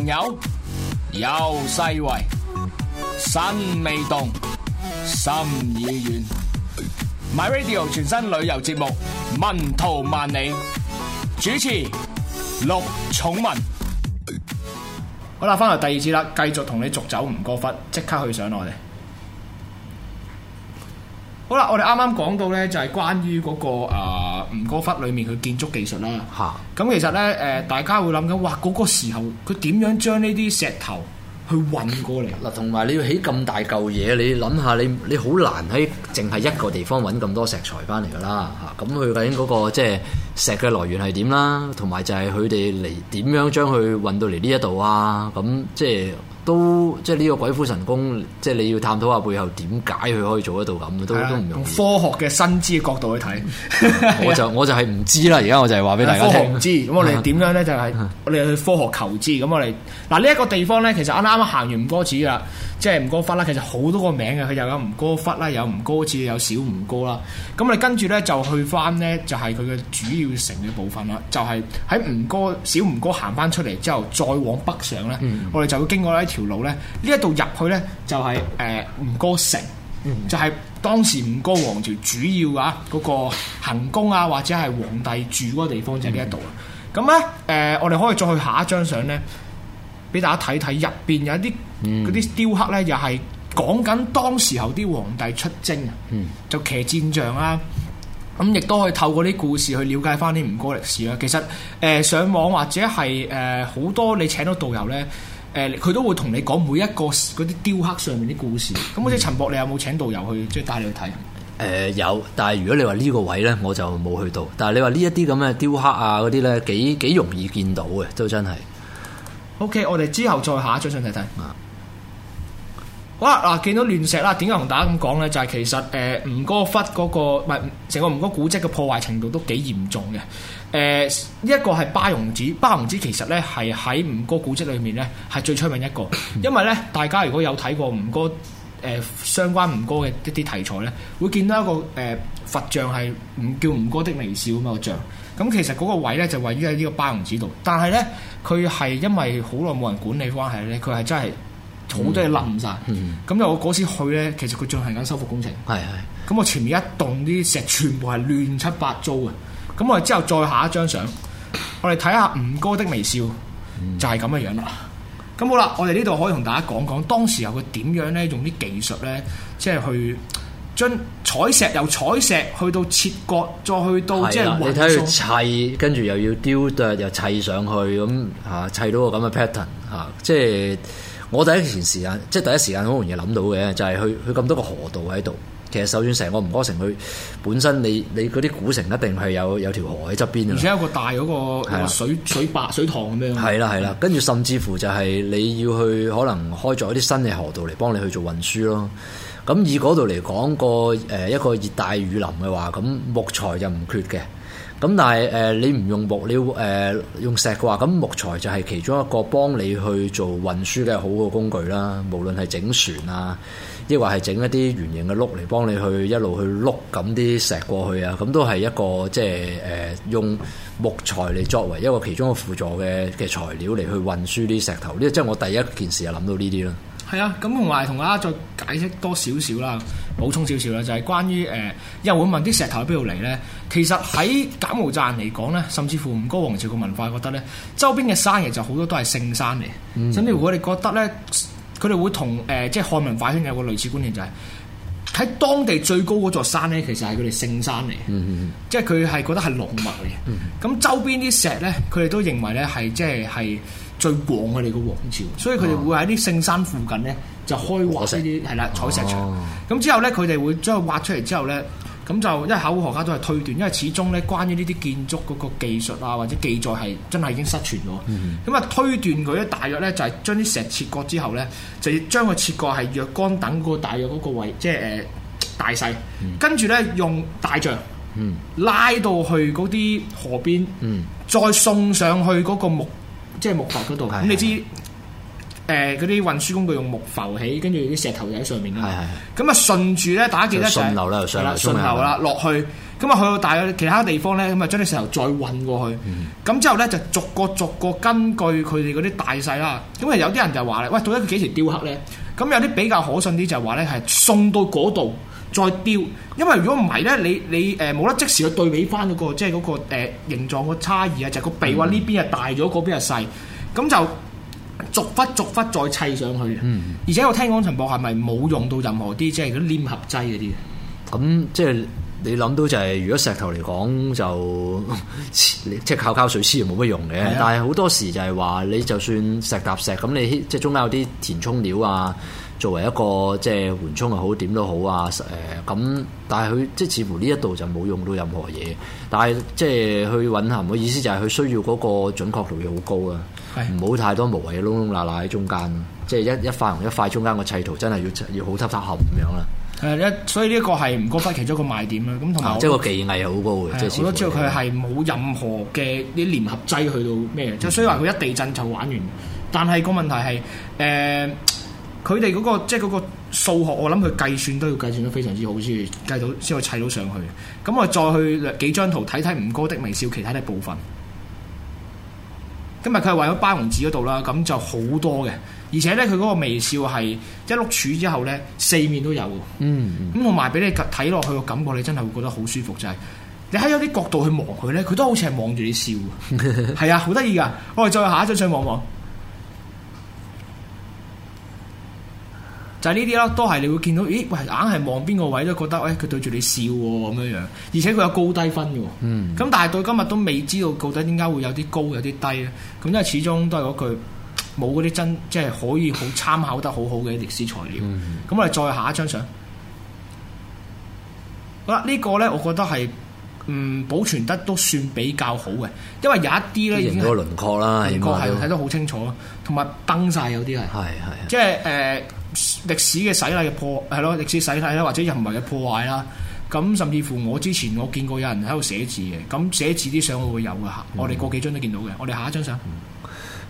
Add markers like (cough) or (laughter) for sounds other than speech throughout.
朋友又細圍，身未動，心已遠。My Radio 全新旅遊節目《文圖萬里》，主持陸寵文。好啦，翻嚟第二次啦，繼續同你續走吳哥窟，即刻去上我哋。好啦，我哋啱啱講到咧，就係關於嗰個啊。吳哥窟裏面佢建築技術啦，咁、啊、其實咧誒，大家會諗緊，哇嗰個時候佢點樣將呢啲石頭去運過嚟？嗱，同埋你要起咁大嚿嘢，你諗下你你好難喺淨係一個地方揾咁多石材翻嚟㗎啦嚇。咁佢究竟嗰個即係石嘅來源係點啦？同埋就係佢哋嚟點樣將佢運到嚟呢一度啊？咁即係。都即係呢個鬼斧神工，即係你要探討下背後點解佢可以做得到咁都的都唔容易。用科學嘅新知嘅角度去睇， (laughs) 我就我就係唔知啦。而家我就係話俾大家聽，科學唔知。咁 (laughs) 我哋點樣咧？就係、是、我哋去科學求知。咁我哋嗱呢一個地方咧，其實啱啱行完吳哥寺啦，即係吳哥窟啦，其實好多個名嘅，佢又有吳哥窟啦，有吳哥寺，有小吳哥啦。咁我哋跟住咧就去翻咧，就係佢嘅主要城嘅部分啦。就係喺吳哥、小吳哥行翻出嚟之後，再往北上咧，嗯、我哋就會經過咧一條。條路咧，呢一度入去咧就係誒吳哥城，嗯、就係當時吳哥王朝主要啊嗰個行宮啊，或者係皇帝住嗰個地方就喺呢一度啦。咁咧誒，我哋可以再去下一張相咧，俾大家睇睇入邊有一啲嗰啲雕刻咧，又係講緊當時候啲皇帝出征啊，嗯、就騎戰象啊，咁亦都可以透過啲故事去了解翻啲吳哥歷史啊。其實誒上網或者係誒好多你請到導遊咧。誒，佢、呃、都會同你講每一個嗰啲雕刻上面啲故事。咁好似陳博，你有冇請導遊去，即係帶你去睇？誒、嗯呃，有，但係如果你話呢個位咧，我就冇去到。但係你話呢一啲咁嘅雕刻啊呢，嗰啲咧幾幾容易見到嘅，都真係。OK，我哋之後再下一張相睇睇。好啦，嗱、嗯，見到亂石啦，點解同大家咁講咧？就係、是、其實誒、呃，吳哥窟嗰、那個唔係成個吳哥古跡嘅破壞程度都幾嚴重嘅。誒、呃，一個係巴容寺，巴容寺其實咧係喺吳哥古蹟裏面咧係最出名一個， (coughs) 因為咧大家如果有睇過吳哥誒、呃、相關吳哥嘅一啲題材咧，會見到一個誒、呃、佛像係唔叫吳哥的微笑啊嘛個像，咁其實嗰個位咧就位於喺呢個巴容寺度，但係咧佢係因為好耐冇人管理關係咧，佢係真係好多嘢冧晒，咁由 (coughs) (coughs) 我嗰時去咧，其實佢進行緊修復工程，係係，咁 (coughs) (coughs) 我前面一棟啲石全部係亂七八糟嘅。咁我哋之後再下一張相，我哋睇下吳哥的微笑就係咁嘅樣啦。咁、嗯、好啦，我哋呢度可以同大家講講當時有個點樣咧，用啲技術咧，即係去將彩石由彩石去到切割，再去到即係鑽。我睇砌，跟住又要雕，又砌上去，咁嚇砌到個咁嘅 pattern 嚇、嗯。即係我第一時間，即係第一時間好容易諗到嘅，就係去去咁多個河道喺度。其實就算成個吳哥城，佢本身你你嗰啲古城一定係有有條河喺側邊啊，而且有個大嗰個，個水是的 水泊水，水塘咁樣。係啦係啦，跟住甚至乎就係你要去可能開咗一啲新嘅河道嚟幫你去做運輸咯。咁以嗰度嚟講個誒一個熱帶雨林嘅話，咁木材就唔缺嘅。咁但係誒、呃、你唔用木料，呃，誒用石嘅話，咁木材就係其中一個幫你去做運輸嘅好嘅工具啦。無論係整船啊，亦或係整一啲圓形嘅碌嚟幫你去一路去碌咁啲石過去啊，咁都係一個即係誒、呃、用木材嚟作為一個其中嘅輔助嘅嘅材料嚟去運輸啲石頭。呢個即係我第一件事就諗到呢啲啦。係啊，咁同埋同大家再解釋多少少啦。補充少少啦，就係、是、關於誒，有、呃、人會問啲石頭喺邊度嚟咧？其實喺柬埔寨嚟講咧，甚至乎吳哥王朝個文化覺得咧，周邊嘅山其實就好多都係聖山嚟。咁、嗯、呢，我哋覺得咧，佢哋會同誒，即係漢文化圈有個類似觀念、就是，就係喺當地最高嗰座山咧，其實係佢哋聖山嚟、嗯。嗯，即係佢係覺得係龍脈嚟。咁、嗯嗯、周邊啲石咧，佢哋都認為咧係即係係。最旺佢哋個王朝，啊、所以佢哋會喺啲聖山附近咧就開挖呢啲係啦，採、啊、石場。咁、啊、之後咧，佢哋會將佢挖出嚟之後咧，咁就因為考古學家都係推斷，因為始終咧關於呢啲建築嗰個技術啊或者記載係真係已經失傳咗。咁啊、嗯、推斷佢咧大約咧就係、是、將啲石切割之後咧，就要將佢切割係若干等嗰大約嗰個位，即係誒大細。嗯、跟住咧用大象拉到去嗰啲河邊、嗯，再送上去嗰個木。即係木頭嗰度，咁是的 你知，誒嗰啲運輸工具用木浮起，跟住啲石頭就喺上面啦。係係是的。咁啊、就是，順住咧大家記得，順流啦順流啦落去，咁啊去到大約其他地方咧，咁啊將啲石頭再運過去。咁、嗯、之後咧就逐個逐個根據佢哋嗰啲大細啦。咁啊有啲人就話咧，喂到底幾時雕刻咧？咁有啲比較可信啲就話咧係送到嗰度。再雕，因為如果唔係咧，你你誒冇得即時去對比翻、那、嗰個即係嗰個、呃、形狀個差異啊，就是、個鼻話呢邊係大咗，嗰、嗯、邊係細，咁就逐忽逐忽再砌上去。嗯，而且我聽講陳博係咪冇用到任何啲即係嗰啲黏合劑嗰啲？咁、嗯、即係你諗到就係、是，如果石頭嚟講就 (laughs) 即係靠靠水黐又冇乜用嘅，是啊、但係好多時就係話你就算石踏石咁，你即係中間有啲填充料啊。作為一個即係緩衝又好點都好啊，誒、呃、咁，但係佢即係似乎呢一度就冇用到任何嘢，但係即係去蘊含嘅意思就係佢需要嗰個準確度要好高啊，唔好是的 太多無謂嘅窿窿罅罅喺中間，即係一一塊同一塊中間個砌圖真係要要好執插合咁樣啦。係一所以呢一個係唔覺得其中一個賣點啦。咁同埋即係個技藝好高嘅，的即係如果照佢係冇任何嘅啲粘合劑去到咩，就係所以話佢一地震就玩完。但係個問題係誒。呃呃呃呃呃佢哋嗰個即係嗰個數學，我諗佢計算都要計算得非常之好先，計到先可以砌到上去。咁我再去幾張圖睇睇吳哥的微笑其他的部分。今日佢係為咗巴戎寺嗰度啦，咁就好多嘅。而且咧，佢嗰個微笑係一碌柱之後咧，四面都有嘅。嗯，嗯，咁我賣俾你睇落去嘅感覺，你真係會覺得好舒服，就係、是、你喺有啲角度去望佢咧，佢都好似係望住你笑。係 (laughs) 啊，好得意噶。我哋再下一張相望望。就係呢啲咯，都係你會見到，咦？喂，硬係望邊個位都覺得，喂、哎，佢對住你笑喎咁樣樣，而且佢有高低分嘅。咁、嗯、但係到今日都未知道到底點解會有啲高有啲低咧？咁因為始終都係嗰句冇嗰啲真，即係可以好參考得好好嘅歷史材料。咁、嗯嗯、我哋再下一張相。好、嗯、啦，這個、呢個咧，我覺得係嗯保存得都算比較好嘅，因為有一啲咧已經係。輪廓啦，輪廓係睇、啊、得好清楚咯，同埋崩晒有啲係。係係。即係誒。歷史嘅洗禮嘅破係咯，歷史洗禮啦，或者人為嘅破壞啦，咁甚至乎我之前我見過有人喺度寫字嘅，咁寫字啲相我會有嘅嚇。嗯、我哋過幾張都見到嘅，我哋下一張相、嗯。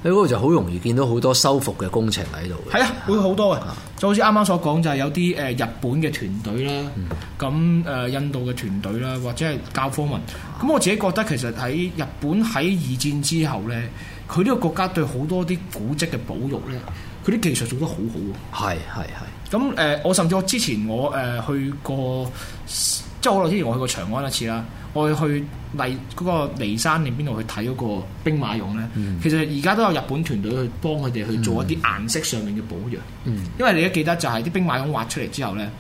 你嗰度就好容易見到好多修復嘅工程喺度。係啊，會好多啊。嗯、就好似啱啱所講就係有啲誒日本嘅團隊啦，咁誒、嗯、印度嘅團隊啦，或者係教科文。咁、嗯、我自己覺得其實喺日本喺二戰之後咧，佢呢個國家對好多啲古跡嘅保育咧。佢啲技術做得好好、啊、喎，係係係。咁誒，我、呃、甚至我之前我誒、呃、去過，即係好耐之前我去過長安一次啦。我去驪嗰個驪山定邊度去睇嗰個兵馬俑咧？嗯、其實而家都有日本團隊去幫佢哋去做一啲顏色上面嘅保養，嗯嗯、因為你都記得就係啲兵馬俑挖出嚟之後咧，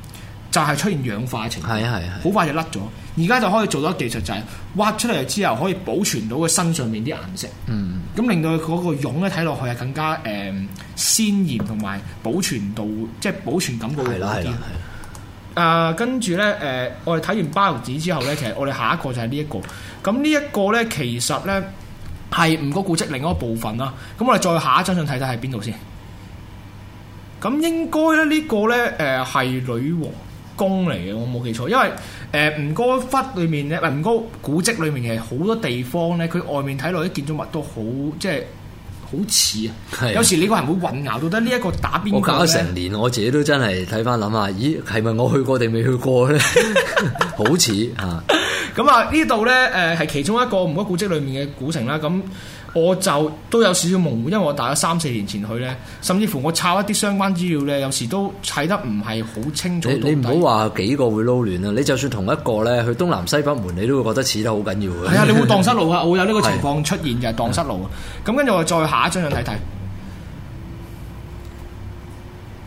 就係出現氧化情況，啊係啊，好快就甩咗。而家就可以做到技術，就是，就係挖出嚟之後可以保存到佢身上面啲顏色。嗯，咁令到嗰個蛹咧睇落去係更加誒、嗯、鮮豔同埋保存到，即係保存感覺會好啲。啊，跟住咧誒，我哋睇完包子之後咧，其實我哋下一個就係呢一個。咁呢一個咧，其實咧係吳哥古跡另一個部分啦。咁我哋再下一張相睇睇喺邊度先？咁應該咧呢、呢個咧誒係女王呃宮嚟嘅，我冇記錯，因為誒、呃、吳哥窟裏面咧，唔係吳哥古蹟裏面係好多地方咧，佢外面睇落啲建築物都好即係好似啊，有時你個人會混淆到得呢一個打邊爐我教咗成年，我自己都真係睇翻諗下，咦係咪我去過定未去過咧？好似嚇，咁啊 (laughs) 呢度咧誒係其中一個吳哥古蹟裏面嘅古城啦，咁。我就都有少少模糊，因為我大概三四年前去咧，甚至乎我抄一啲相關資料咧，有時都砌得唔係好清楚。你唔好話幾個會撈亂啊，你就算同一個咧去東南西北門，你都會覺得似得好緊要嘅。係啊，你會蕩失路啊， (laughs) 我會有呢個情況出現嘅蕩失路。啊的。咁跟住我再下一張相睇睇。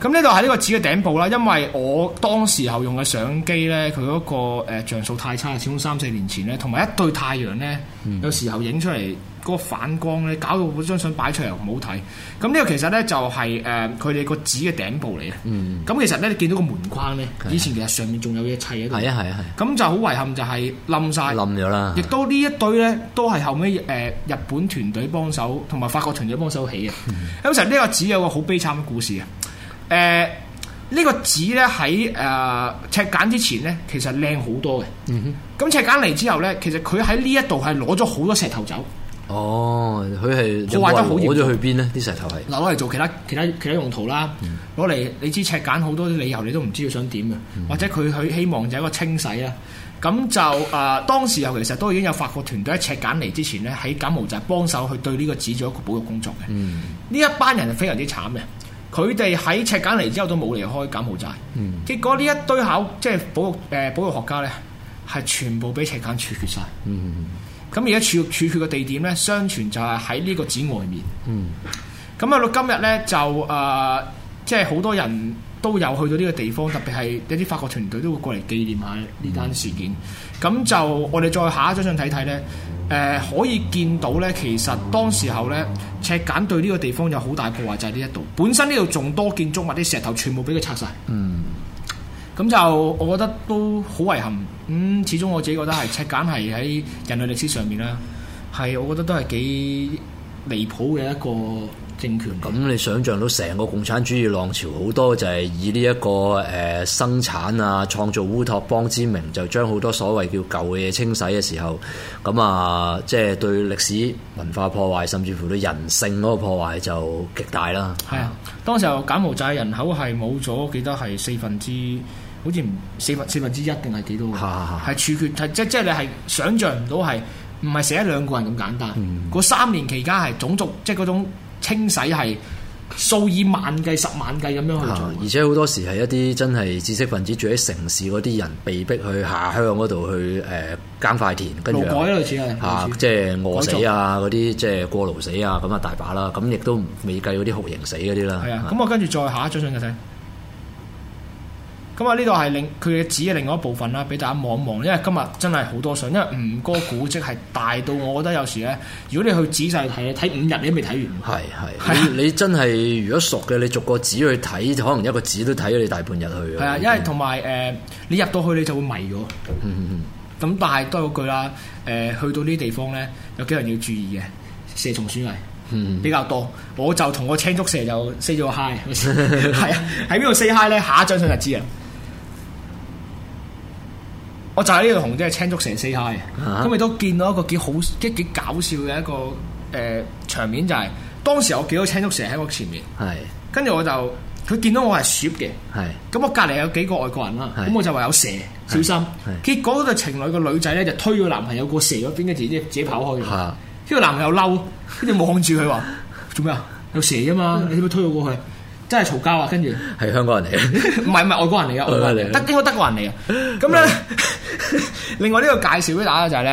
咁呢度係呢個紙嘅頂部啦，因為我當時候用嘅相機咧，佢嗰個像素太差，始終三四年前咧，同埋一對太陽咧，嗯、有時候影出嚟嗰、嗰個反光咧，搞到張相擺出嚟唔好睇。咁呢個其實咧就係誒佢哋個紙嘅頂部嚟嘅。咁、嗯、其實咧，你見到個門框咧，以前其實上面仲有嘢砌嘅。係啊係啊係。咁就好遺憾就係冧晒，冧咗啦。亦都呢一堆咧，都係後尾誒日本團隊幫手，同埋法國團隊幫手起嘅。咁、嗯嗯、其實呢個紙有個好悲慘嘅故事啊！誒呢、呃這個紙咧喺誒赤柬之前咧，其實靚好多嘅。咁、嗯、哼赤柬嚟之後咧，其實佢喺呢一度係攞咗好多石頭走。哦，佢係我話攞咗去邊呢？啲石頭係嗱攞嚟做其他其他其他用途啦。攞嚟、嗯、你知赤柬好多啲理由，你都唔知佢想點嘅。嗯、哼或者佢佢希望就係一個清洗啦。咁就誒、呃、當時又其實都已經有法國團隊喺赤柬嚟之前咧，喺柬埔寨幫手去對呢個紙做一個保育工作嘅。呢、嗯嗯、一班人係非常之慘嘅。佢哋喺赤柬嚟之後都冇離開柬埔寨，嗯、結果呢一堆考即係保育誒、呃、保育學家咧，係全部俾赤柬處決晒。咁而家處處決嘅地點咧，相傳就係喺呢個寺外面。咁去、嗯、到今日咧，就誒即係好多人，都有去到呢個地方，特別係一啲法國團隊都會過嚟紀念下呢單事件。咁、嗯、就我哋再下一張相睇睇呢，誒、呃、可以見到呢。其實當時候呢，赤柬對呢個地方有好大破壞，就係呢一度。本身呢度仲多建築物，啲石頭全部俾佢拆晒。嗯，咁就我覺得都好遺憾。咁、嗯、始終我自己覺得係赤柬係喺人類歷史上面啦，係我覺得都係幾離譜嘅一個。咁你想象到成個共產主義浪潮好多就係以呢、這、一個誒、呃、生產啊，創造烏托邦之名，就將好多所謂叫舊嘅嘢清洗嘅時候，咁啊即係對歷史文化破壞，甚至乎對人性嗰個破壞就極大啦。係啊，啊當時候柬埔寨人口係冇咗，記得係四分之，好似唔四分四分之一定係幾多㗎？係、啊、處決，即即係你係想象唔到係唔係死一兩個人咁簡單？嗰三年期間係種族，即係嗰種。清洗係數以萬計、十萬計咁樣去做，而且好多時係一啲真係知識分子住喺城市嗰啲人，被逼去下鄉嗰度去誒耕塊田，跟住啊，即係餓死啊，嗰啲即係過勞死啊，咁啊大把啦。咁亦都未計嗰啲酷刑死嗰啲啦。係啊，咁、啊、我跟住再下一張相嘅睇。咁啊，呢度係另佢嘅紙嘅另外一部分啦，俾大家望一望。因為今日真係好多相，因為吳哥古蹟係大到，我覺得有時咧，如果你去仔細睇睇五日，啊，你都未睇完。係係，你你真係如果熟嘅，你逐個紙去睇，就可能一個紙都睇咗你大半日去。係啊，因為同埋誒，你入到去你就會迷咗。咁、嗯嗯、但係都係嗰句啦，誒、呃，去到呢啲地方咧，有幾個人要注意嘅蛇蟲鼠蟻比較多。我就同個青竹蛇就 say 咗 hi，係啊，喺邊度 say hi 咧？下一張相就知啊！我就喺呢度，紅即係青竹蛇四下嘅，咁咪、啊、都見到一個幾好，即係幾搞笑嘅一個誒、呃、場面、就是，就係當時我見到青竹蛇喺我前面，跟住是我就佢見到我係雪嘅，咁我隔離有幾個外國人啦，咁是我就話有蛇，是小心，結果嗰對情侶個女仔咧就推咗男朋友過蛇嗰邊，跟住自己自己跑開嘅，呢個、啊、男朋友嬲，跟住望住佢話做咩啊？有蛇啊嘛，你做咩推我過去？真係嘈交啊！跟住係香港人嚟， (laughs) 唔係唔係外國人嚟啊！ (laughs) 得應該德國人嚟嘅。咁咧， (laughs) 另外呢個介紹畀大家就係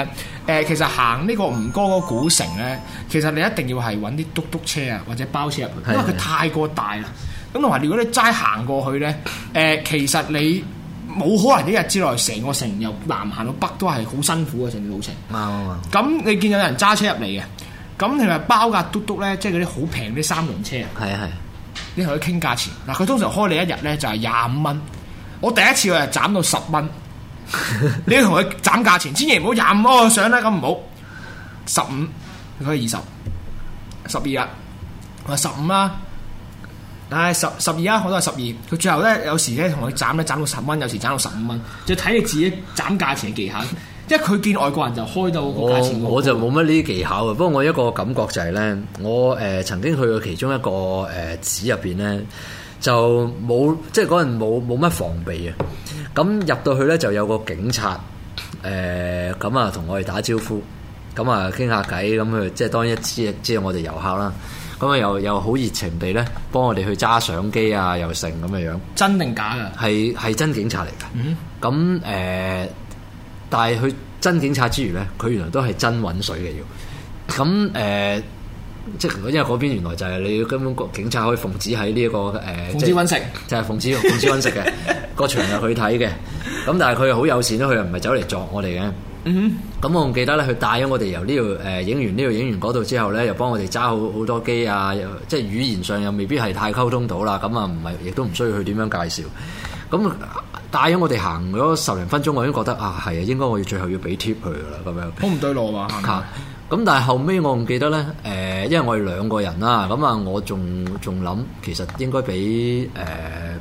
咧，誒，其實行呢個吳哥古城咧，其實你一定要係揾啲嘟嘟車啊，或者包車入去，因為佢太過大啦。咁同埋如果你齋行過去咧，誒，其實你冇可能一日之內成個城由南行到北都係好辛苦嘅成段路程。咁 (laughs) 你見有人揸車入嚟嘅，咁同埋包架嘟嘟咧，即係嗰啲好平啲三輪車。啊，係啊。你同佢傾價錢，嗱，佢通常開你一日咧就係廿五蚊，我第一次佢係斬到十蚊，你要同佢斬價錢，千祈唔好廿五我上啦，咁唔好十五，佢可以二十十二啊，我十五啊，但係十十二啊，我都係十二，佢最後咧有時咧同佢斬咧斬到十蚊，有時斬到十五蚊，就睇你自己斬價錢嘅技巧。即係佢見外國人就開到個價錢我，我就冇乜呢啲技巧啊。嗯、不過我一個感覺就係、是、咧，我誒、呃、曾經去過其中一個誒寺入邊咧，就冇即係嗰陣冇冇乜防備啊。咁入到去咧就有個警察誒咁、呃、啊，同我哋打招呼，咁啊傾下偈，咁佢即係當一知即係我哋遊客啦。咁啊又又好熱情地咧幫我哋去揸相機啊，又剩咁嘅樣。真定假噶？係係真警察嚟噶、嗯。嗯，咁、呃、誒。嗯.但係佢真警察之餘咧，佢原來都係真揾水嘅要。咁、呃、誒，即係因為嗰邊原來就係你根本個警察可以奉旨喺呢一個誒，呃、奉旨揾食，就係奉旨奉旨揾食嘅。個 (laughs) 場係去睇嘅，咁但係佢又好友善咯，佢又唔係走嚟作我哋嘅。咁、嗯、哼 我仲記得咧，佢帶咗我哋由呢度誒影完呢度影完嗰度之後咧，又幫我哋揸好好多機啊！即係語言上又未必係太溝通到啦，咁啊唔係，亦都唔需要去點樣介紹咁。帶咗我哋行咗十零分鐘，我已經覺得啊，係啊，應該我要最後要俾 tip 佢噶啦咁樣。好唔對路啊嘛，係咪？咁但係後尾我唔記得咧，誒、呃，因為我哋兩個人啦，咁啊，我仲仲諗，其實應該俾誒、呃，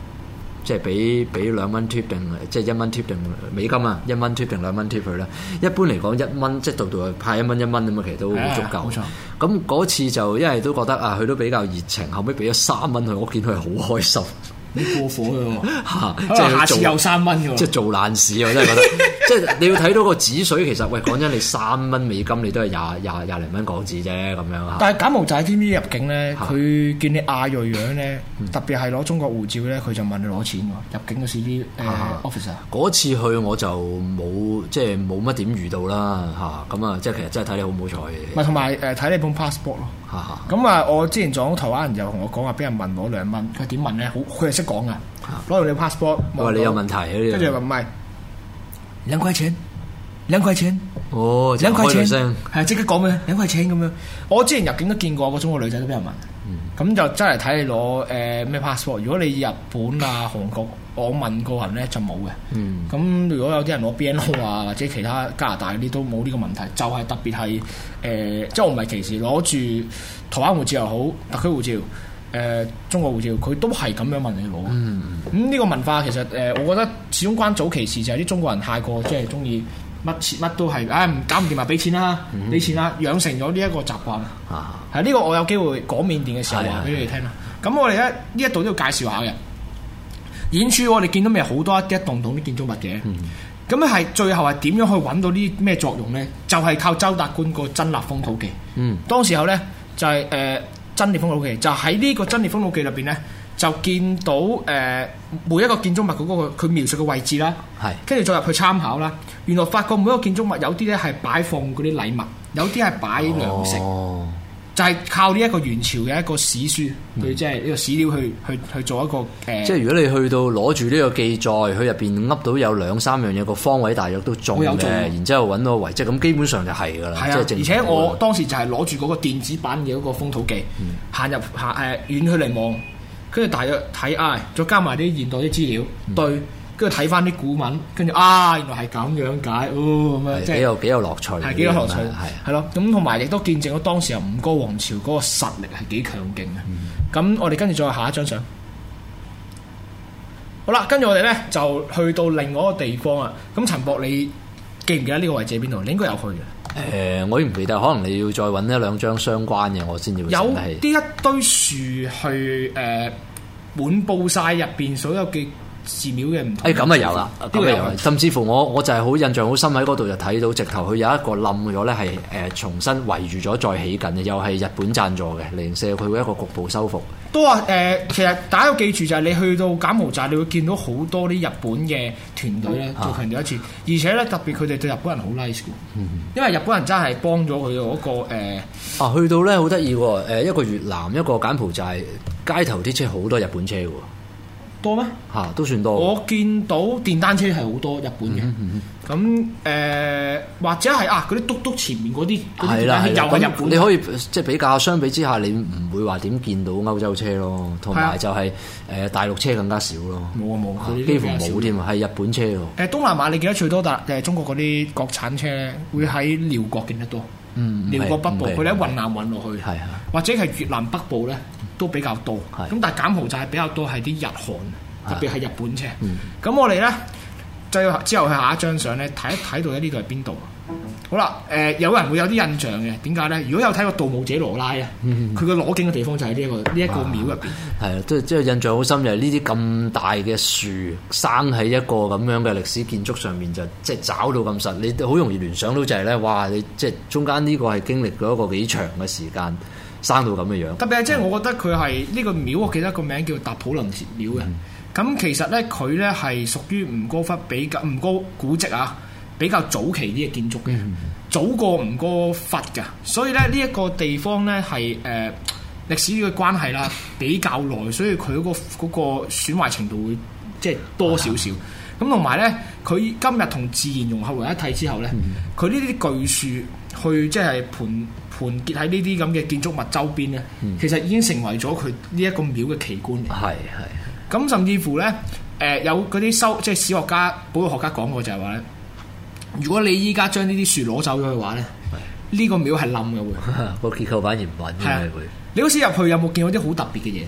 即係俾俾兩蚊 tip 定，即係一蚊 tip 定美金啊，一蚊 tip 定兩蚊 tip 佢咧。一般嚟講一蚊，即係度度派一蚊一蚊咁啊，其實都足夠。冇錯。咁嗰次就因為都覺得啊，佢都比較熱情，後尾俾咗三蚊佢，我見佢係好開心。 (laughs) 你過火嘅，吓即係下次有三蚊嘅，即係做爛事，我真係覺得，即係你要睇到個紙水。其實喂，講真，你三蚊美金，你都係廿廿廿零蚊港紙啫，咁樣吓。但係柬埔寨 TV 入境咧，佢見你亞裔樣咧，特別係攞中國護照咧，佢就問你攞錢喎。入境嗰時啲 officer 嗰次，去我就冇即係冇乜點遇到啦，吓咁啊，即係其實真係睇你好唔好彩嘅。係，同埋誒，睇你本 passport 咯。咁啊！我之前撞到台灣人就同我講話，俾人問我兩蚊，佢點問咧？好，佢係識講噶攞你 passport。我話你有問題，啊，跟住話唔係兩塊錢，兩塊錢哦，兩塊錢係即刻講咩？兩塊錢咁樣。我之前入境都見過個中國女仔都俾人問，咁、嗯、就真係睇你攞誒咩 passport。如果你日本啊、韓國。 (laughs) 我問過人咧就冇嘅，咁如果有啲人攞 BNO 啊或者其他加拿大嗰啲都冇呢個問題，就係特別係誒，即係我唔係歧視攞住台灣護照又好，特區護照誒，中國護照，佢都係咁樣問你攞。咁呢個文化其實誒，我覺得始終關早期時，就係啲中國人太過即係中意乜乜都係，唉搞唔掂話俾錢啦，俾錢啦，養成咗呢一個習慣。係呢個我有機會講緬甸嘅時候話俾你哋聽啦。咁我哋咧呢一度都要介紹下嘅。演出我哋見到咪好多一啲一棟棟啲建築物嘅，咁咧係最後係點樣去揾到啲咩作用咧？就係、是、靠周達觀個《真臘風土記》。嗯，當時候咧就係、是、誒、呃《真臘風土記》，就喺、是、呢個《真臘風土記》入邊咧就見到誒、呃、每一個建築物個佢描述嘅位置啦，係跟住再入去參考啦，原來發覺每一個建築物有啲咧係擺放嗰啲禮物，有啲係擺糧食。哦。就係靠呢一個元朝嘅一個史書，佢即係呢個史料去去、嗯、去做一個誒。即係如果你去到攞住呢個記載，佢入邊噏到有兩三樣嘢，個方位大約都中嘅，有中然之後揾到個遺跡，即係咁基本上就係噶啦。係啊的，而且我當時就係攞住嗰個電子版嘅一個風土記，行、嗯、入行誒遠去嚟望，跟住大約睇啊，再加埋啲現代啲資料、嗯、對。跟住睇翻啲古文，跟住啊，原來係咁樣解，哦咁啊，是即係是幾有幾有樂趣，係幾有樂趣，係係咯。咁同埋亦都見證咗當時啊吳哥王朝嗰個實力係幾強勁嘅。咁、嗯、我哋跟住再下一張相。好啦，跟住我哋咧就去到另外一個地方啊。咁陳博，你記唔記得呢個位置喺邊度？你應該有去嘅。誒、呃，我唔記得，可能你要再揾一兩張相關嘅，我先至會有呢一堆樹去誒滿布晒入邊所有嘅。寺廟嘅唔哎咁啊有啦，咁啊有，甚至乎我我就係好印象好深喺嗰度就睇到，直頭佢有一個冧咗咧，係、呃、誒重新圍住咗再起緊嘅，又係日本贊助嘅零舍，佢會一個局部修復。都啊誒、呃，其實大家要記住就係你去到柬埔寨，你會見到好多啲日本嘅團隊咧，做強調一次，啊、而且咧特別佢哋對日本人好 nice 嘅，因為日本人真係幫咗佢嗰個、呃、啊！去到咧好得意喎，誒一個越南一個柬埔寨街頭啲車好多日本車喎。多咩？嚇，都算多。我見到電單車係好多日本嘅，咁誒或者係啊嗰啲篤篤前面嗰啲係啦係啦，又係日本。你可以即係比較相比之下，你唔會話點見到歐洲車咯，同埋就係誒大陸車更加少咯。冇啊冇，幾乎冇添啊，係日本車喎。誒東南亞你見得最多嘅誒中國嗰啲國產車會喺寮國見得多，嗯，寮國北部佢哋喺雲南運落去，係或者係越南北部咧。都比較多，咁但係柬埔寨係比較多係啲日韓，特別係日本車。咁、嗯、我哋咧，之後去下一張相咧睇一睇到咧呢個係邊度？好啦，誒、呃、有人會有啲印象嘅，點解咧？如果有睇過《盜墓者羅拉》啊，佢個攞景嘅地方就係呢一個呢一、嗯、個廟入面。係啊，即係即係印象好深，就係呢啲咁大嘅樹生喺一個咁樣嘅歷史建築上面，就即係找到咁實，你好容易聯想到就係、是、咧，哇！你即係、就是、中間呢個係經歷咗一個幾長嘅時間。生到咁嘅樣，特別係即係我覺得佢係呢個廟，我記得個名叫做達普林廟嘅。咁、嗯、其實呢，佢呢係屬於吳哥窟比較吳哥古蹟啊，比較早期啲嘅建築嘅，嗯、早過吳哥窟嘅。所以呢，呢一個地方呢係誒歷史嘅關係啦，比較耐，所以佢嗰個嗰個損壞程度會即係多少少。咁同埋呢，佢今日同自然融合為一體之後呢，佢呢啲巨樹。去即係盤盤結喺呢啲咁嘅建築物周邊咧，嗯、其實已經成為咗佢呢一個廟嘅奇觀。係係咁，甚至乎咧，誒、呃，有嗰啲收即係史學家、保育學家講過就係話咧，如果你依家將呢啲樹攞走咗嘅話咧，呢的個廟係冧嘅會，個 (laughs) 結構反而唔穩會。的你好似入去有冇見過啲好特別嘅嘢？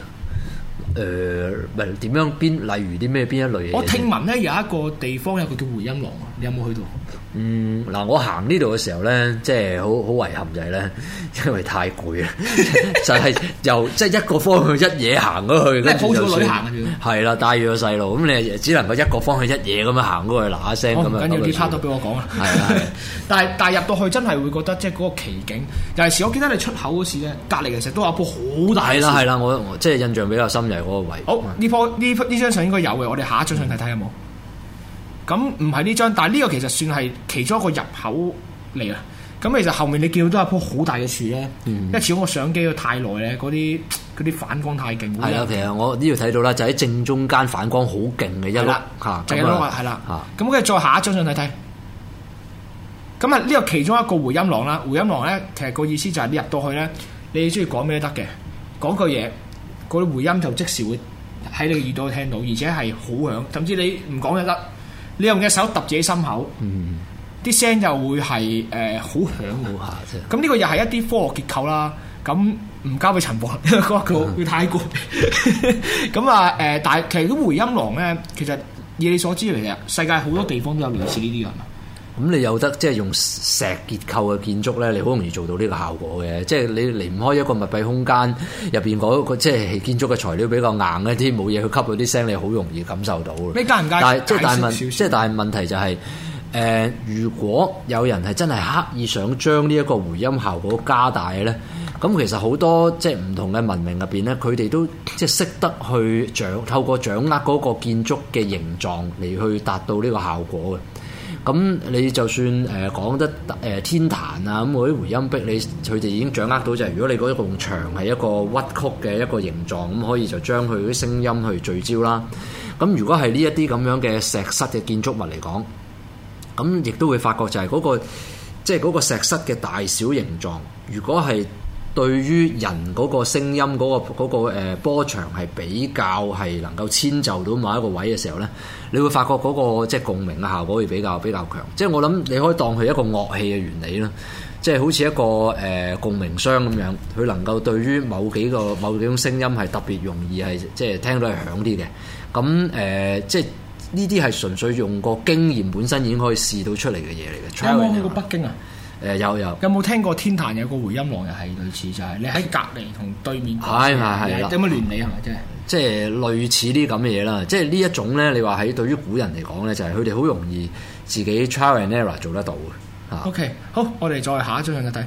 誒、呃，係點樣？邊例如啲咩？邊一類嘢？我聽聞咧有一個地方有一個叫回音廊啊，你有冇去到？嗯，嗱，我行呢度嘅時候咧，即係好好遺憾就係咧，因為太攰啊，就係由即係一個方向一野行咗去，即係鋪咗落啲行啊，係啦，帶住個細路，咁你只能夠一個方向一野咁樣行過去，嗱一聲咁啊，唔緊要，你拍咗俾我講啊，係，但係但係入到去真係會覺得即係嗰個奇景，尤其是我見到你出口嗰時咧，隔籬其實都有一棵好大，係啦係啦，我即係印象比較深就係嗰個位，好呢棵呢呢張相應該有嘅，我哋下一張相睇睇有冇。咁唔係呢張，但係呢個其實算係其中一個入口嚟啦。咁其實後面你見到都係棵好大嘅樹咧，嗯、因為始我相機要太耐咧，嗰啲啲反光太勁。係啦、嗯，其實我呢度睇到啦，就喺、是、正中間反光好勁嘅一粒就係粒係啦。咁跟住再下一張相，睇睇。咁啊，呢個其中一個迴音廊啦，迴音廊咧，其實個意思就係你入到去咧，你中意講咩都得嘅，講句嘢，嗰啲迴音就即時會喺你耳朵聽到，而且係好響，甚至你唔講嘢都得。你用隻手揼自己心口，啲、嗯、聲就會係誒好響好下啫。咁呢 (laughs) 個又係一啲科學結構啦。咁唔交俾陳博， (laughs) 因為佢太過。 (laughs) (laughs) 咁啊誒，但其實啲迴音廊咧，其實以你所知嚟嘅，世界好多地方都有類似呢啲嘢。咁你有得即係用石結構嘅建築咧，你好容易做到呢個效果嘅。即係你離唔開一個密閉空間入邊嗰個，即係建築嘅材料比較硬一啲，冇嘢去吸到啲聲，你好容易感受到。你介唔介？但係即係但係問，即係但係問題就係、是，誒、呃，如果有人係真係刻意想將呢一個回音效果加大咧，咁其實好多即係唔同嘅文明入邊咧，佢哋都即係識得去掌透過掌握嗰個建築嘅形狀嚟去達到呢個效果嘅。咁你就算誒、呃、講得誒、呃、天壇啊，咁嗰啲迴音壁，你佢哋已經掌握到就係、是，如果你嗰棟牆係一個屈曲嘅一個形狀，咁可以就將佢啲聲音去聚焦啦。咁如果係呢一啲咁樣嘅石室嘅建築物嚟講，咁亦都會發覺就係嗰、嗰個，即係嗰個石室嘅大小形狀，如果係。對於人嗰、那個聲音嗰個嗰、呃、波長係比較係能夠遷就到某一個位嘅時候呢，你會發覺嗰、那個即係共鳴嘅效果會比較比較強。即係我諗你可以當佢一個樂器嘅原理咯，即係好似一個誒、呃、共鳴箱咁樣，佢能夠對於某幾個某幾種聲音係特別容易係即係聽到係響啲嘅。咁誒、呃、即係呢啲係純粹用個經驗本身已經可以試到出嚟嘅嘢嚟嘅。誒、嗯，我去過北京啊。嗯嗯嗯誒有有，有冇聽過天壇有個回音廊又係類似，就係你喺隔離同對面，係係係有冇亂嚟係咪啫？即係類似啲咁嘅嘢啦。即係呢一種咧，你話喺對於古人嚟講咧，就係佢哋好容易自己 try and error 做得到嘅。嚇，OK，好，我哋再下一張相睇睇，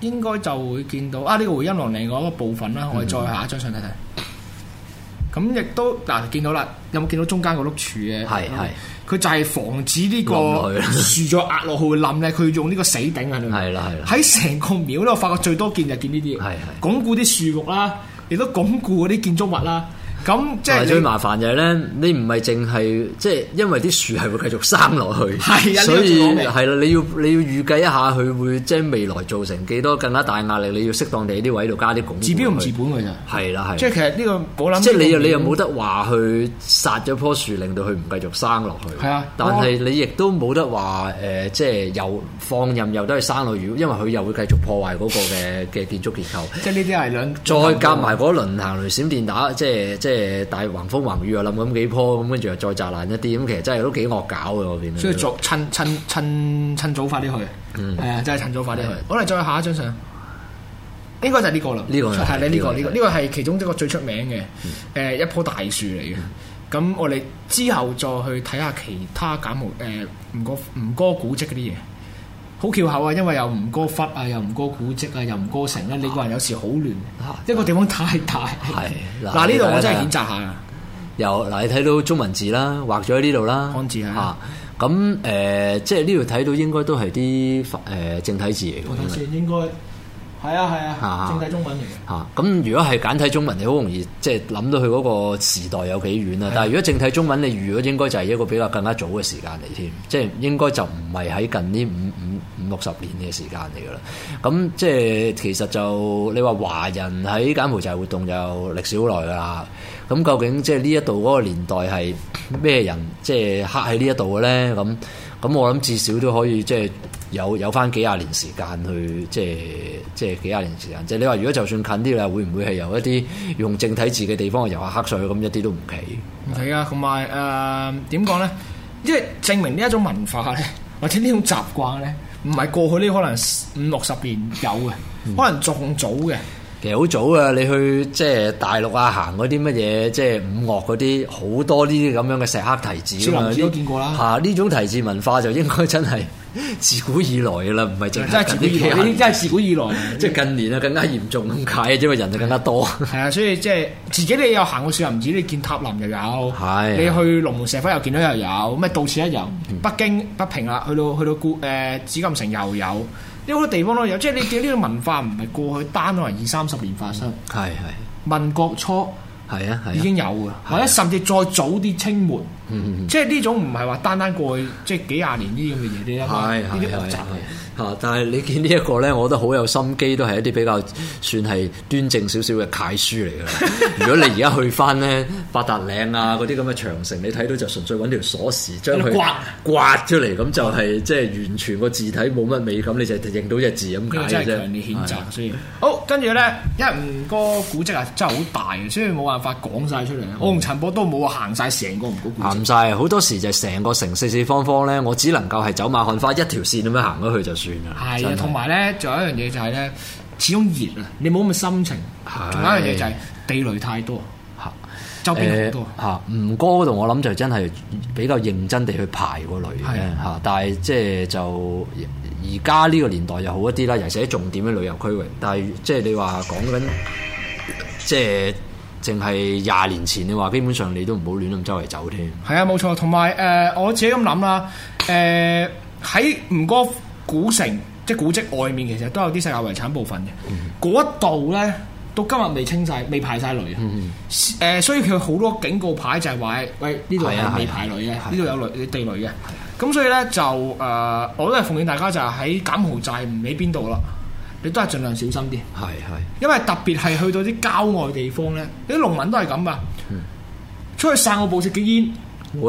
應該就會見到啊！呢、呢個回音廊另外一個部分啦，我哋再下一張相睇睇。嗯咁亦都嗱，啊，見到啦，有冇見到中間個碌柱嘅？係係，佢、嗯、就係防止呢個樹咗壓落去會冧咧，佢 (laughs) 用呢個死頂喺度。係啦係啦，喺成個廟咧，我發覺最多見就見呢啲，係係，鞏固啲樹木啦，亦都鞏固嗰啲建築物啦。咁即係最麻煩嘅咧，你唔係淨係即係，因為啲樹係會繼續生落去，係啊的，所以係啦，你要你要預計一下佢會即係未來造成幾多更加大壓力，你要適當地啲位度加啲拱。治標唔治本㗎咋？係啦，係。即係其實呢個我諗。即係你又你又冇得話去殺咗樖樹，令到佢唔繼續生落去。係啊，但係你亦都冇得話誒，即係又放任又都係生落去，因為佢又會繼續破壞嗰個嘅嘅 (laughs) 建築結構。即係呢啲係兩再夾埋嗰輪行雷閃電打，即係即係。即誒，大橫風橫雨啊，冧咁幾棵，咁跟住又再炸爛一啲，咁其實真係都幾惡搞嘅，我見。所以趁趁趁趁早快啲去，係啊、嗯，真係趁早快啲去。好啦再下一張相，應該就係呢個啦。呢個係、就、咧、是，呢個呢、就是這個呢、這個係其中一個最出名嘅，誒、嗯，一棵大樹嚟嘅。咁、嗯、我哋之後再去睇下其他柬埔，誒、呃，吳哥吳哥古蹟嗰啲嘢。好翹口啊！因為又唔過忽啊，又唔過古蹟啊，又唔過城咧。你個人有時好亂，一個地方太大。係嗱，呢度我真係選擇下啊。有嗱，你睇到中文字啦，畫咗喺呢度啦。漢字啊，咁誒，即係呢度睇到應該都係啲誒正體字嚟嘅。正體字應該係啊，係啊，正體中文嚟嘅嚇。咁如果係簡體中文，你好容易即係諗到佢嗰個時代有幾遠啦。但係如果正體中文，你如果應該就係一個比較更加早嘅時間嚟添，即係應該就唔係喺近呢五六十年嘅時間嚟噶啦，咁即係其實就你話華人喺柬埔寨活動就歷史好耐啦。咁究竟即係呢一度嗰個年代係咩人即係刻喺呢一度嘅咧？咁咁我諗至少都可以即係有有翻幾廿年時間去即係即係幾廿年時間。即係你話如果就算近啲啦，會唔會係由一啲用正體字嘅地方去遊下刻上去？咁一啲都唔奇。係啊，同埋誒點講咧？即、呃、係證明呢一種文化咧，或者呢種習慣咧。唔係過去呢，可能五六十年有嘅，嗯、可能仲早嘅。其實好早嘅，你去即係大陸啊，行嗰啲乜嘢，即係五岳嗰啲好多呢啲咁樣嘅石刻題字咁都，都見過啦。嚇、啊，呢種題字文化就應該真係。 (laughs) 自古以來嘅啦，唔係淨係近幾年。真係自古以來，真係自古以來。即係 (laughs) 近年啊，更加嚴重咁解，因為人就更加多。係 (laughs) 啊，所以即係自己你又行過少林寺，你見塔林又有，是啊、你去龍門石窟又見到又有，咁咩到此一遊。北京北平啊，去到去到故誒、呃、紫禁城又有，好多地方都有。 (laughs) 即係你見呢個文化唔係過去 (laughs) 單可能二三十年發生，係係是民國初係啊是已經有嘅，是啊、是或者甚至再早啲清末。嗯嗯，即係呢種唔係話單單過去即係幾廿年呢咁嘅嘢啫嘛，呢啲複雜。但係你見呢一個咧，我覺得好有心機，都係一啲比較算係端正少少嘅楷書嚟嘅。 (laughs) 如果你而家去翻咧八達嶺啊嗰啲咁嘅長城，你睇到就純粹揾條鎖匙將佢刮刮出嚟，咁就係即係完全個字體冇乜美感，你就認到隻字咁解㗎啫。是的 所以好跟住咧，因為吳哥古蹟啊真係好大嘅，所以冇辦法講晒出嚟、哦、我同陳博都冇行晒成個吳哥古晒好多時就成個城四四方方咧，我只能夠係走馬看花一條線咁樣行咗去就算啦。係的，同埋咧，仲有一樣嘢就係、是、咧，始終熱啊，你冇咁嘅心情。仲的有一樣嘢就係地雷太多，吓的周邊好多。吓吳、呃、哥嗰度，我諗就真係比較認真地去排個雷吓。但係即係就而家呢個年代又好一啲啦，尤其是重點嘅旅遊區域。但係即係你話講緊即係。就是淨係廿年前，你話基本上你都唔好亂咁周圍走添。係啊，冇錯。同埋，誒，我自己咁諗啦，誒，喺吳哥古城，即係古跡外面，其實都有啲世界遺產部分嘅。嗰一度咧，到今日未清晒，未排晒雷誒，所以佢好多警告牌就係話，喂，呢度未排雷嘅，呢度有雷，地雷嘅。咁所以咧就誒，我都係奉勸大家就係喺柬埔寨唔喺邊度啦。你都係盡量小心啲，係係，因為特別係去到啲郊外地方咧，啲農民都係咁啊，嗯、出去散個步，食嘅煙，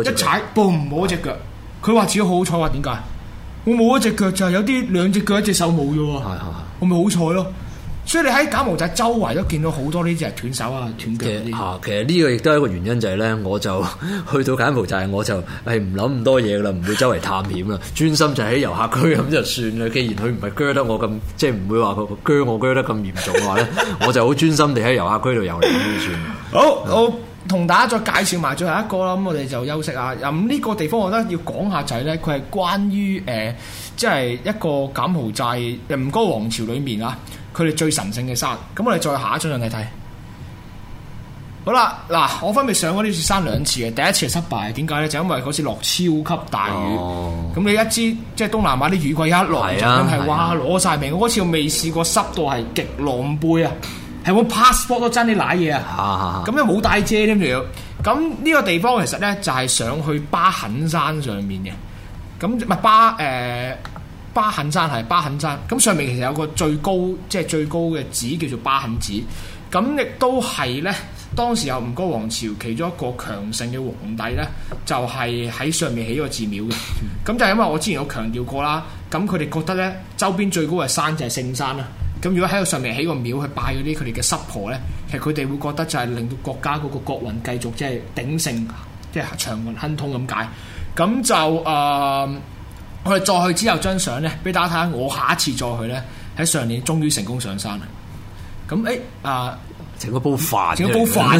一踩，嘣，冇一隻腳，佢話自己好彩，話點解？我冇一隻腳就係有啲兩隻腳一隻手冇咗啊，我咪好彩咯。所以你喺柬埔寨周圍都見到好多呢啲人斷手啊、斷腳嗰啲。吓、啊，其實呢個亦都係一個原因，就係咧，我就去到柬埔寨，我就係唔諗咁多嘢噶啦，唔會周圍探險啦，專心就喺遊客區咁就算啦。既然佢唔係鋸得我咁，即係唔會叫叫話佢鋸我鋸得咁嚴重嘅話咧， (laughs) 我就好專心地喺遊客區度遊嚟就算。好，是的 我同大家再介紹埋最後一個啦。咁我哋就休息啊。咁、嗯、呢、這個地方我覺得要講下就係咧，佢係關於誒、呃，即係一個柬埔寨吳哥王朝裏面啊。佢哋最神聖嘅山，咁我哋再下一張上嚟睇。好啦，嗱，我分別上嗰啲山兩次嘅，第一次係失敗，點解咧？就因為嗰次落超級大雨，咁、哦、你一知，即係東南亞啲雨季一落，係哇攞晒命，我嗰次我未試過濕到係極狼狽啊，係我 passport 都爭啲瀨嘢啊，咁又冇帶遮添仲要，咁呢個地方其實咧就係、是、上去巴肯山上面嘅，咁咪巴誒。呃巴肯山係巴肯山，咁上面其實有個最高即係、就是、最高嘅寺叫做巴肯寺，咁亦都係咧，當時候吳哥王朝其中一個強盛嘅皇帝咧，就係、是、喺上面起個寺廟嘅。咁就係因為我之前有強調過啦，咁佢哋覺得咧，周邊最高嘅山就係聖山啦。咁如果喺個上面起個廟去拜嗰啲佢哋嘅濕婆咧，其實佢哋會覺得就係令到國家嗰個國運繼續即係鼎盛，即、就、係、是、長運亨通咁解。咁就誒。呃我哋再去之後張相咧，俾大家睇下。我下一次再去咧，喺上年終於成功上山啦。咁、嗯、誒，啊、欸，整個煲飯，整個煲飯，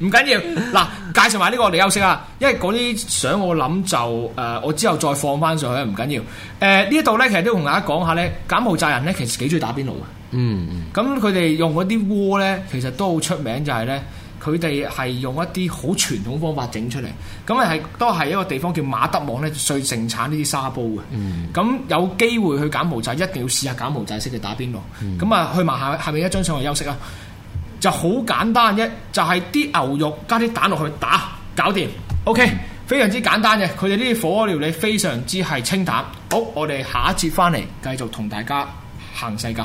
唔緊要。嗱， (laughs) (laughs) 介紹埋呢個我哋休息啊，因為嗰啲相我諗就誒、呃，我之後再放翻上去，唔緊要。誒、呃，呢度咧、嗯嗯，其實都同大家講下咧，柬埔寨人咧其實幾中意打邊爐嘅。嗯，咁佢哋用嗰啲鍋咧，其實都好出名，就係、是、咧。佢哋係用一啲好傳統方法整出嚟，咁啊係都係一個地方叫馬德望咧，最盛產呢啲沙煲嘅。咁、嗯、有機會去柬埔寨，一定要試下柬埔寨式嘅打邊爐。咁啊、嗯，去埋下係咪一張相去休息啊？就好簡單啫，就係、是、啲牛肉加啲蛋落去打，搞掂。OK、嗯、非常之簡單嘅。佢哋呢啲火鍋料理非常之係清淡。好，我哋下一節翻嚟繼續同大家行世界。